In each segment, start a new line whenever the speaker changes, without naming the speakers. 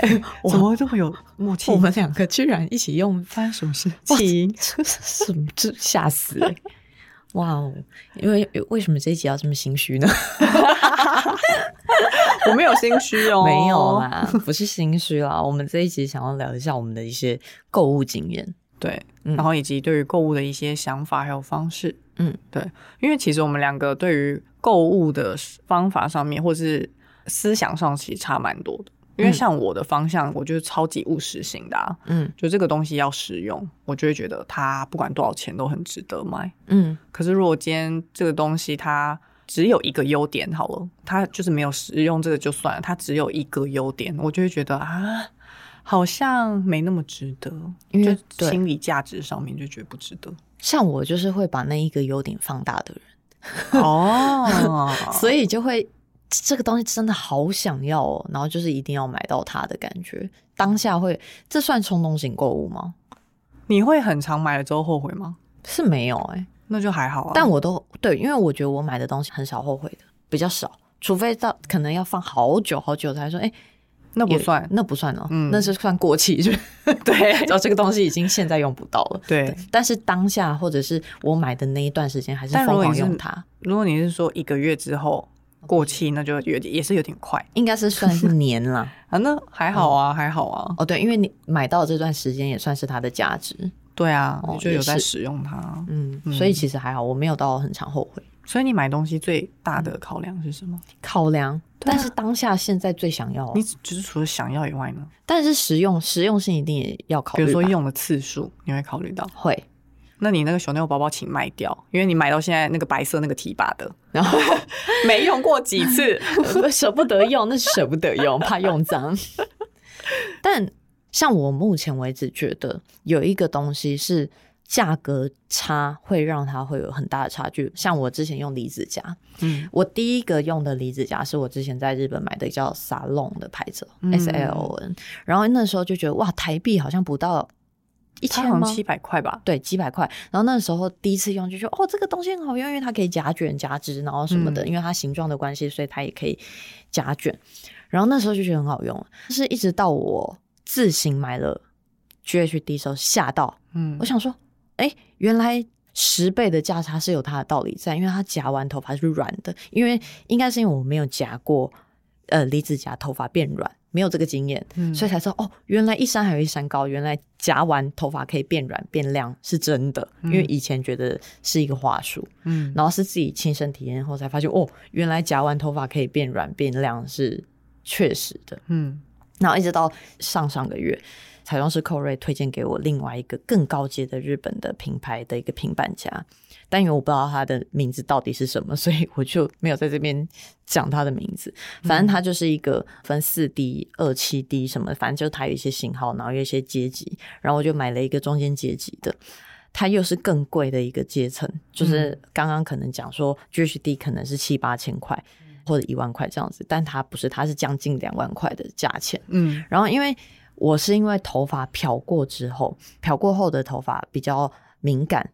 欸、怎麼這麼有默契？我們兩個居然一起用發生什麼事情？這什麼這嚇死、欸！哇哦！因為為什麼這一集要這麼心虛呢？ 我沒有心虛哦，沒有啦，不是心虛啦。 我們這一集想要聊一下我們的一些購物經驗，對，然後以及對於購物的一些想法還有方式。嗯，對，因為其實我們兩個對於購物的方法上面，或是思想上，其實差蠻多的。因為像我的方向，嗯，我就是超級務實型的，啊，嗯，就這個東西要實用，我就會覺得它不管多少錢都很值得買，嗯。可是如果今天這個東西它只有一個優點好了，它就是沒有實用，這個就算了。它只有一個優點，我就會覺得啊，好像沒那麼值得，因為就心理價值上面就覺得不值得。像我就是會把那一個優點放大的人，哦， 所以就會。這個東西真的好想要，哦，然後就是一定要買到它的感覺。當下會，這算衝動型購物嗎？你會很常買了之後後悔嗎？是沒有哎、欸，那就還好。啊。但我都對，因為我覺得我買的東西很少後悔的，比較少。除非到可能要放好久好久才說，哎、欸，那不算，那不算了，嗯、那是算過期是不是，是 對，然後這個東西已經現在用不到了。 對，對，但是當下或者是我買的那一段時間還是瘋狂用它。如果，如果你是說一個月之後。過期那就有點也是有點快，應該是算是年啦，啊，那還好啊，還好啊。哦，對，因為你買到這段時間也算是它的價值，對啊，我有在使用它，嗯，所以其實還好，我沒有到很常後悔。所以你買東西最大的考量是什麼？考量，但是當下現在最想要，你只是除了想要以外呢？但是實用實用性一定也要考慮，比如說用的次數，你會考慮到會。那你那個小尿包包請賣掉，因為你買到現在那個白色那個提把的，然後 No 沒用過幾次，舍 不得用，那是捨不得用，怕用髒。 但像我目前為止覺得有一個東西是價格差會讓它會有很大的差距。像我之前用離子夾，嗯，我第一個用的離子夾是我之前在日本買的叫 Salon 的牌子，S、嗯、S L O N，然後那時候就覺得哇，台幣好像不到。一千七百塊吧，對，幾百塊。然後那時候第一次用就覺得，哦，這個東西很好用，因為它可以夾卷夾直，然後什麼的，嗯、因為它形狀的關係，所以它也可以夾卷。然後那時候就覺得很好用，但是一直到我自行買了 GHD 時候嚇到，嗯，我想說，哎、欸，原來十倍的價差是有它的道理在，因為它夾完頭髮是軟的，因為應該是因為我沒有夾過，呃，離子夾頭髮變軟。沒有這個經驗，嗯、所以才知道哦，原來一山還有一山高，原來夾完頭髮可以變軟變亮是真的，嗯、因為以前覺得是一個話術，嗯、然後是自己親身體驗後才發現哦，原來夾完頭髮可以變軟變亮是確實的，嗯，然後一直到上上個月，彩妝師寇瑞推薦給我另外一個更高階的日本的品牌的一個平板夾。但因為我不知道它的名字到底是什麼，所以我就沒有在這邊講它的名字。反正它就是一個分四 D、二七 D 什麼的，反正就是它有一些型號，然後有一些階級。然後我就買了一個中間階級的，它又是更貴的一個階層。就是剛剛可能講說，GHD 可能是七八千塊、嗯、或者一萬塊這樣子，但它不是，它是將近兩萬塊的價錢。嗯，然後因為我是因為頭髮漂過之後，漂過後的頭髮比較敏感。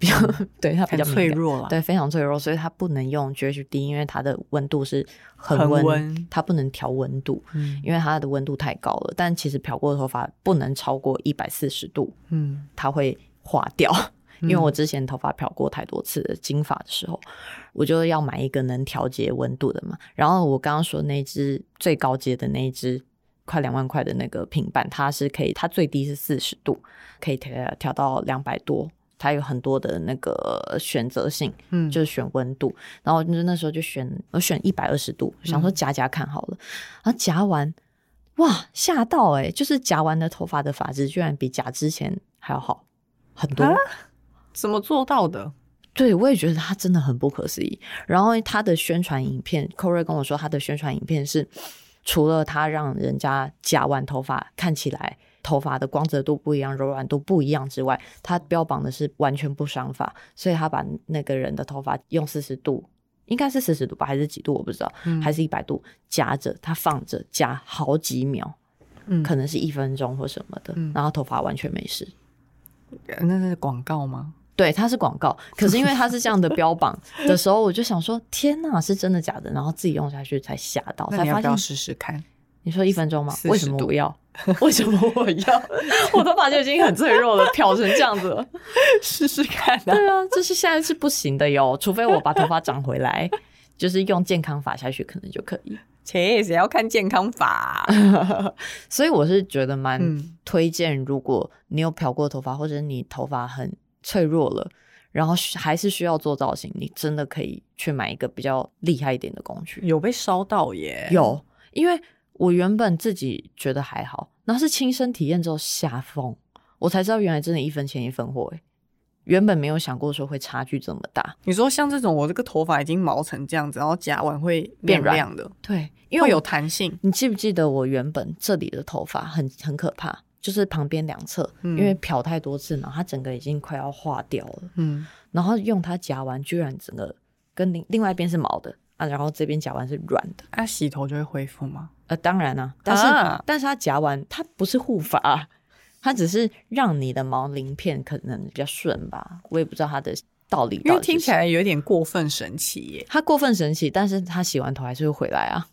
比較對它比較脆弱了，對，非常脆弱，所以它不能用 GHD，因為它的溫度是很溫，很溫，它不能調溫度，嗯、因為它的溫度太高了。但其實漂過的頭髮不能超過一百四十度，嗯、它會化掉。因為我之前頭髮漂過太多次的金髮的時候，嗯、我就要買一個能調節溫度的嘛。然後我剛剛說那支最高階的那支快兩萬塊的那個平板，它是可以，它最低是四十度，可以調調到兩百多。它有很多的那個選擇性，嗯、就是選溫度，然後就那時候就選我選一百二十度，想說夾夾看好了，嗯、啊，夾完哇嚇到哎、欸，就是夾完的頭髮的髮質居然比夾之前還要好很多、啊，怎麼做到的？對，我也覺得他真的很不可思議。然後他的宣傳影片，寇瑞跟我說他的宣傳影片是。除了他讓人家夾完頭髮看起來頭髮的光澤度不一樣、柔軟度不一樣之外，他標榜的是完全不傷髮，所以他把那個人的頭髮用四十度，應該是四十度吧，還是幾度？我不知道，嗯，還是一百度夾着它放着夾好幾秒，嗯，可能是一分鐘或什麼的，然後頭髮完全沒事。嗯，嗯，那是廣告嗎？對，它是廣告，可是因為它是這樣的標榜的時候，我就想說： 天哪，是真的假的？然後自己用下去才嚇到， 才發現要要試試看。你說一分鐘嗎？為什麼不要？為什麼我要？ 我頭髮就已經很脆弱了，漂 成這樣子了， 試試看啊！對啊，這是現在是不行的喲，除非我把頭髮長回來，就是用健康髮下去可能就可以。切，也要看健康髮 所以我是覺得蠻推薦，嗯、如果你有漂過頭髮，或者你頭髮很。脆弱了，然後還是需要做造型。你真的可以去買一個比較厲害一點的工具。有被燒到耶！有，因為我原本自己覺得還好，那是親身體驗之後下瘋，我才知道原來真的，一分錢一分貨。誒，原本沒有想過說會差距這麼大。你說像這種，我這個頭髮已經毛成這樣子，然後夾完會亮變軟的，對，因為有彈性。你記不記得我原本這裡的頭髮很很可怕？就是旁邊兩側，嗯、因為漂太多次嘛，它整個已經快要化掉了。嗯，然後用它夾完，居然整個跟另另外一邊是毛的啊，然後這邊夾完是軟的。那、啊、洗頭就會恢復嗎？呃，當然啊，但是、啊、但是它夾完它不是護髮，它只是讓你的毛鱗片可能比較順吧。我也不知道它的道理，因為聽起來有點過分神奇耶。它過分神奇，但是它洗完頭還是會回來啊。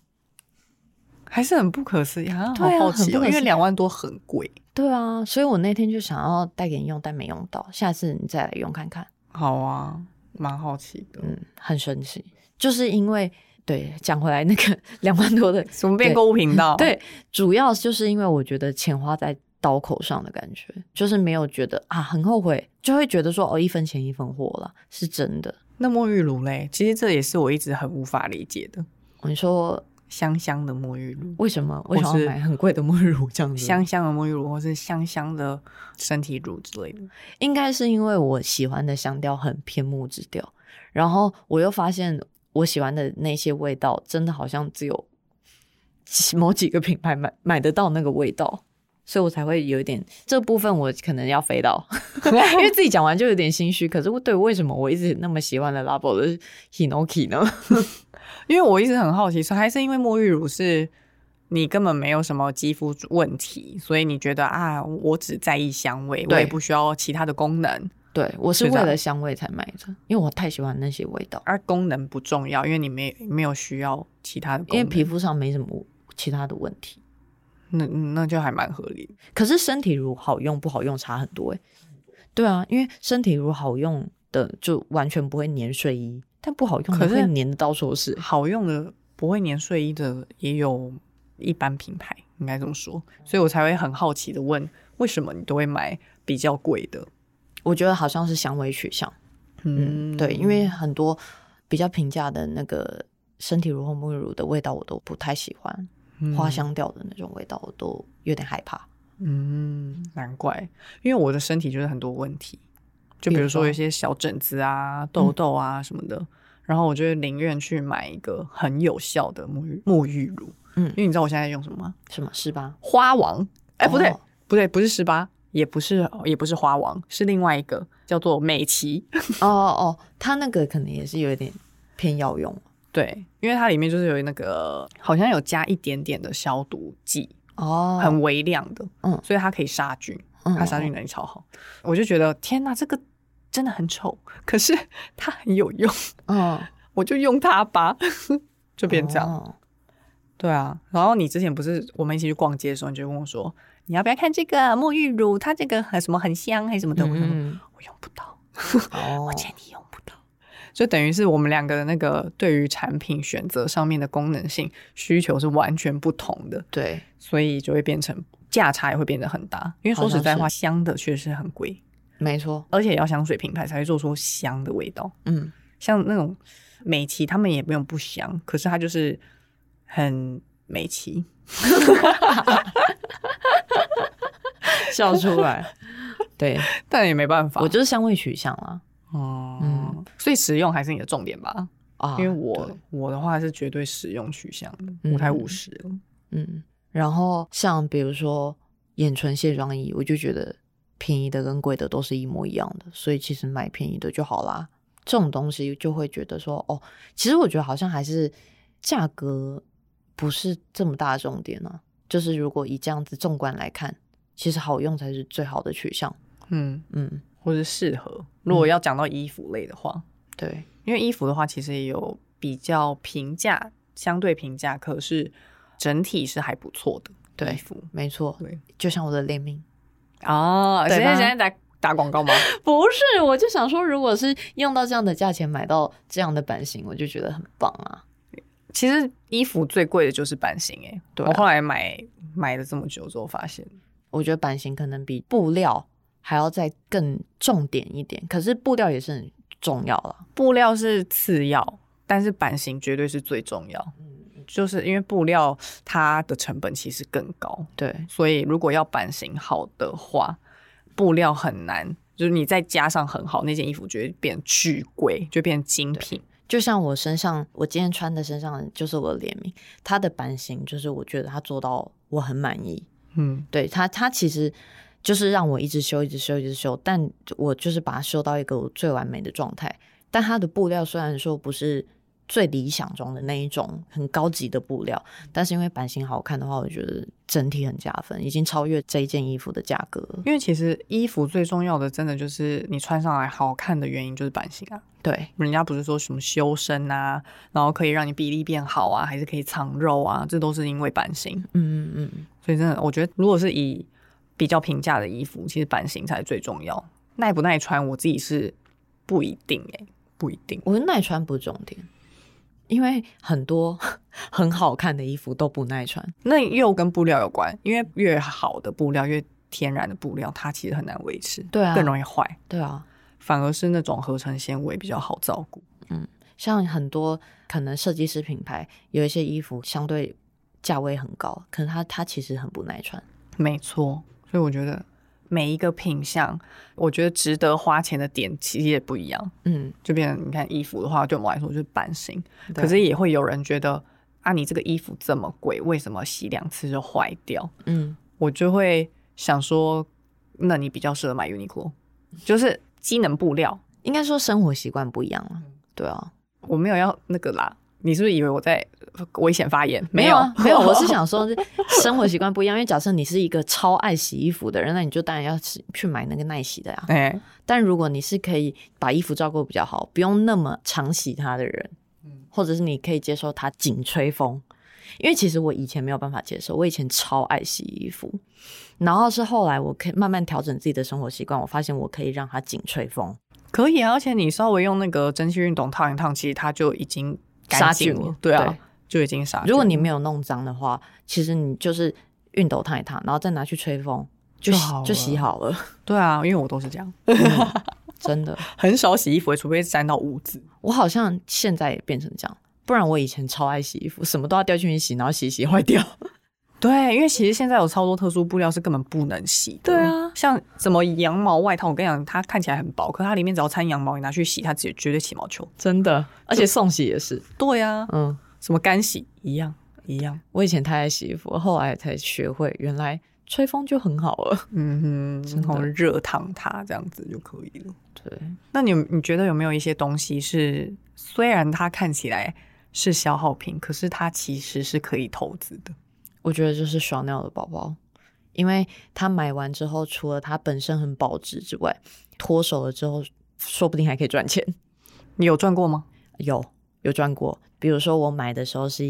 還是很不可思議、啊，啊、好，好好奇，因為兩萬多很貴。對啊，所以我那天就想要帶給你用，但沒用到，下次你再來用看看。好啊，蠻好奇的，嗯，很神奇。就是因為對，講回來那個兩萬多的，怎麼變購物頻道？對，主要就是因為我覺得錢花在刀口上的感覺，就是沒有覺得啊很後悔，就會覺得說哦一分錢一分貨了，是真的。那沐浴乳嘞？其實這也是我一直很無法理解的。你說。香香的沐浴露，為什麼？為什麼買很貴的沐浴露這樣子？香香的沐浴露，或是香香的身體乳之類的，應該是因為我喜歡的香調很偏木質調，然後我又發現我喜歡的那些味道，真的好像只有某幾個品牌買買得到那個味道，所以我才會有一點這部分我可能要飛到， 因為自己講完就有點心虛。可是，我對為什麼我一直那麼喜歡的 Le Labo 的 Hinoki 呢？ 因為我一直很好奇，說，還是因為沐浴乳是你根本沒有什麼肌膚問題，所以你覺得啊，我只在意香味，我也對不需要其他的功能。對，我是為了香味才買的，因為我太喜歡那些味道。而功能不重要，因為你沒沒有需要其他的功能，因為皮膚上沒什麼其他的問題。那那就還蠻合理。可是身體乳好用不好用差很多誒、欸。對啊，因為身體乳好用的就完全不會粘睡衣。但不好用，可是會粘到處都是。好用的不會粘睡衣的，也有一般品牌，應該這麼說。所以我才會很好奇的問，為什麼你都會買比較貴的？我覺得好像是香味取向。嗯，嗯，對，因為很多比較平價的那個身體乳或沐浴乳的味道，我都不太喜歡、嗯、花香調的那種味道，我都有點害怕。嗯，難怪，因為我的身體就是很多問題。就比如說有一些小疹子啊、痘痘啊什麼的，嗯、然後我就寧願去買一個很有效的沐浴沐浴乳。嗯，因為你知道我現在用什麼嗎？什麼？十八花王？哎、欸，不對，哦，不對，不是十八，也不是，哦，也不是花王，是另外一個叫做美琪。哦、哦哦，它那個可能也是有一點偏藥用。 對，因為它裡面就是有那個，好像有加一點點的消毒劑哦，很微量的，嗯，所以它可以殺菌，它殺菌能力超好。嗯哦、我就覺得天哪，這個。真的很醜，可是它很有用。嗯，我就用它吧，就變這樣。哦、對啊，然後你之前不是我們一起去逛街的時候，你就跟我說你要不要看這個沐浴乳？它這個什麼很香還是什麼的？嗯我說，我用不到。哦、我建議你用不到。就等於是我們兩個的那個對於產品選擇上面的功能性需求是完全不同的。對，所以就會變成價差也會變得很大，因為說實在的話，香的確實很貴。沒錯，而且要香水品牌才會做出香的味道。嗯，像那種美琪，他們也沒有不香，可是它就是很美琪，笑出來。對，但也沒辦法。我就是香味取向啦。哦，所以實用還是你的重點吧？啊，因為我我的話是絕對實用取向的，我才五十。嗯，然後像比如說眼唇卸妝液，我就覺得。便宜的跟貴的都是一模一樣的，所以其實買便宜的就好啦。這種東西就會覺得說，哦，其實我覺得好像還是價格不是這麼大的重點啊。就是如果以這樣子縱觀來看，其實好用才是最好的取向。嗯嗯，嗯或是適合。嗯、如果要講到衣服類的話，對，因為衣服的話其實也有比較平價，相對平價，可是整體是還不錯的。對，衣服沒錯，對，就像我的聯名。哦，oh, 吧現在現在在打廣告嗎？ 不是，我就想說，如果是用到這樣的價錢買到這樣的版型，我就覺得很棒啊。其實衣服最貴的就是版型，對啊，我後來買買了這麼久之後發現，我覺得版型可能比布料還要再更重點一點。可是布料也是很重要了，布料是次要，但是版型絕對是最重要。就是因為布料它的成本其實更高，對，所以如果要版型好的話，布料很難，就是你再加上很好那件衣服，就會變巨貴，就變精品。就像我身上，我今天穿的身上就是我的聯名，它的版型就是我覺得它做到我很滿意，嗯，對，它它其實就是讓我一直修，一直修，一直修，但我就是把它修到一個最完美的狀態。但它的布料雖然說不是。最理想中的那一種很高級的布料，但是因為版型好看的話，我覺得整體很加分，已經超越這一件衣服的價格。因為其實衣服最重要的，真的就是你穿上來好看的原因就是版型啊。對，人家不是說什麼修身啊，然後可以讓你比例變好啊，還是可以藏肉啊，這都是因為版型。嗯嗯嗯。所以真的，我覺得如果是以比較平價的衣服，其實版型才最重要。耐不耐穿，我自己是不一定誒、欸，不一定。我覺得耐穿不重點。因為很多很好看的衣服都不耐穿，那又跟布料有關。因為越好的布料，越天然的布料，它其實很難維持，對啊，更容易壞。對啊，反而是那種合成纖維比較好照顧。嗯，像很多可能設計師品牌有一些衣服，相對價位很高，可是它它其實很不耐穿。沒錯，所以我覺得。每一個品項，我覺得值得花錢的點其實也不一樣，嗯，就變成你看衣服的話，對我們來說就是版型，對可是也會有人覺得啊，你這個衣服這麼貴，為什麼洗兩次就壞掉？嗯，我就會想說，那你比較適合買 UNIQLO，就是機能布料，應該說生活習慣不一樣了，對啊，我沒有要那個啦。你是不是以為我在危險發言？沒有啊，沒有，我是想說生活習慣不一樣。 因為假設你是一個超愛洗衣服的人，那你就當然要去買那個耐洗的呀、啊。欸，但如果你是可以把衣服照顧比較好，不用那麼常洗它的人，或者是你可以接受它緊吹風，因為其實我以前沒有辦法接受，我以前超愛洗衣服，然後是後來我可以慢慢調整自己的生活習慣，我發現我可以讓它緊吹風，可以啊。而且你稍微用那個蒸汽熨斗燙一燙，其實它就已經。殺菌了，了，對啊，對。就已經殺菌。如果你沒有弄髒的話，其實你就是熨斗燙一燙，然後再拿去吹風，就洗就，好就洗好了。對啊，因為我都是這樣，嗯，真的 很少洗衣服，也除非沾到污漬。我好像現在也變成這樣，不然我以前超愛洗衣服，什麼都要掉進去洗，然後洗洗壞掉。 對，因為其實現在有超多特殊布料是根本不能洗的。對啊。像什麼羊毛外套，我跟你講，它看起來很薄，可它裡面只要摻羊毛，你拿去洗，它直接絕對起毛球，真的。就而且送洗也是。對呀、啊。嗯，什麼乾洗一樣一樣。一樣我以前太愛洗衣服，後來才學會，原來吹風就很好了。嗯哼，的然後熱燙它這樣子就可以了。對，那你你覺得有沒有一些東西是雖然它看起來是消耗品，可是它其實是可以投資的？我覺得就是雙料的包包。因為他買完之後，除了它本身很保值之外，脫手了之後，說不定還可以賺錢。你有賺過嗎？有，有賺過。比如說，我買的時候是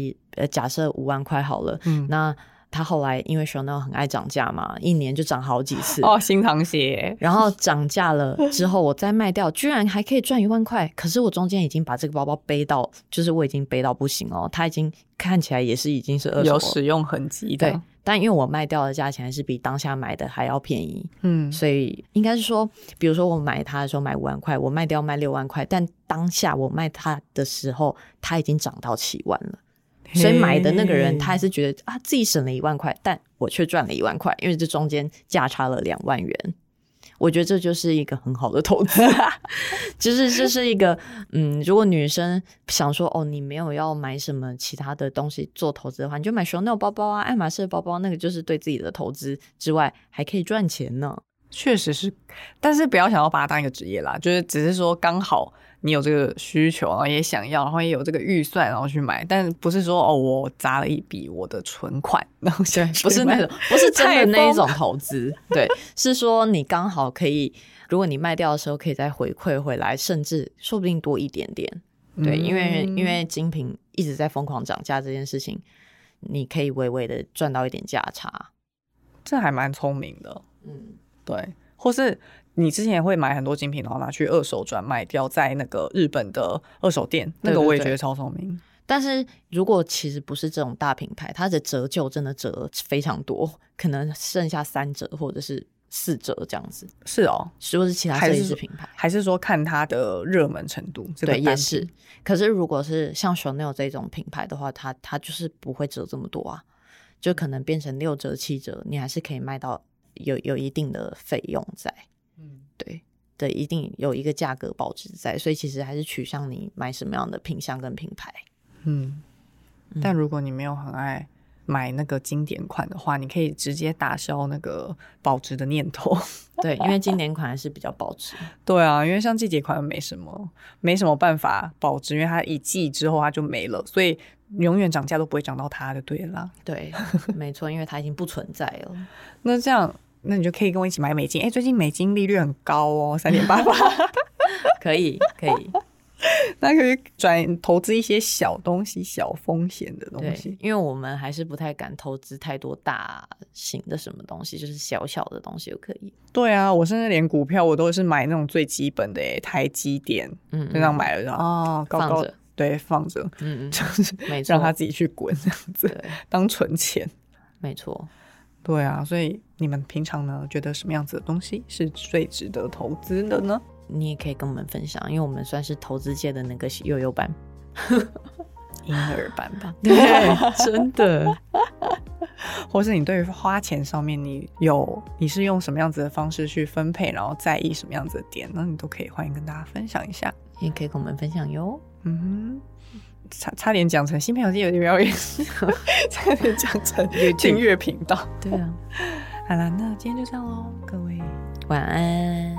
假設五萬塊好了，嗯，那。他後來因為 Chanel 很愛漲價嘛，一年就漲好幾次哦，心淌血。然後漲價了之後，我再賣掉， 居然還可以賺一萬塊。可是我中間已經把這個包包背到，就是我已經背到不行哦，它已經看起來也是已經是二手有使用痕跡的。對，但因為我賣掉的價錢還是比當下買的還要便宜，嗯，所以應該是說，比如說我買它的時候買五萬塊，我賣掉賣六萬塊，但當下我賣它的時候，它已經漲到七萬了。所以買的那個人，他還是覺得啊，自己省了一萬塊，但我卻賺了一萬塊，因為這中間價差了兩萬元。我覺得這就是一個很好的投資， 就是這是一個嗯，如果女生想說哦，你沒有要買什麼其他的東西做投資的話，你就買 Chanel 包包啊、愛馬仕包包，那個就是對自己的投資之外，還可以賺錢呢。確實是，但是不要想要把它當一個職業啦，就是只是說剛好。你有這個需求，然後也想要，然後也有這個預算，然後去買，但不是說哦，我砸了一筆我的存款，然後現在不是那種，不是真的那一種投資，蔡風 對，是說你剛好可以，如果你賣掉的時候可以再回饋回來，甚至說不定多一點點，嗯、對，因為因為精品一直在瘋狂漲價這件事情，你可以微微的賺到一點價差，這還蠻聰明的，嗯，對，或是。你之前會買很多精品，然後拿去二手轉賣掉，在那個日本的二手店，那個我也覺得超聰明，對對對。但是如果其實不是這種大品牌，它的折舊真的折非常多，可能剩下三折或者是四折這樣子。是哦，是不是其他這些品牌還，還是說看它的熱門程度？這個、對，也是。可是如果是像 Chanel 這種品牌的話，它它就是不會折這麼多啊，就可能變成六折、七折，你還是可以賣到有有一定的費用在。嗯，對，對，一定有一個價格保值在，所以其實還是取向你買什麼樣的品項跟品牌。嗯，但如果你沒有很愛買那個經典款的話，你可以直接打消那個保值的念頭。 對，因為經典款還是比較保值。 對啊，因為像季節款沒什麼，沒什麼辦法保值，因為它一季之後它就沒了，所以永遠漲價都不會漲到它的，對啦。對，沒錯，因為它已經不存在了。 那這樣。那你就可以跟我一起買美金哎、欸，最近美金利率很高哦，三點八八，可以可以， 那可以轉投資一些小東西、小風險的東西。對，因為我們還是不太敢投資太多大型的什麼東西，就是小小的東西就可以。對啊，我甚至連股票我都是買那種最基本的台積電嗯,嗯，就這樣買了的哦高高放着著對放着嗯,嗯就是沒錯錯，讓他自己去滾這樣子，對當存錢。沒錯錯，對啊，所以。你們平常呢，覺得什麼樣子的東西是最值得投資的呢？你也可以跟我們分享，因為我們算是投資界的那個幼幼版、嬰 兒版吧。對， 真的。 或是你對於花錢上面，你有你是用什麼樣子的方式去分配，然後在意什麼樣子的點，那你都可以歡迎跟大家分享一下，也可以跟我們分享喲。嗯，差差點講成新朋友進，有點表演， 差點講成訂閱頻道。 對啊。 對啊。好了，那今天就這樣嘍，各位晚安。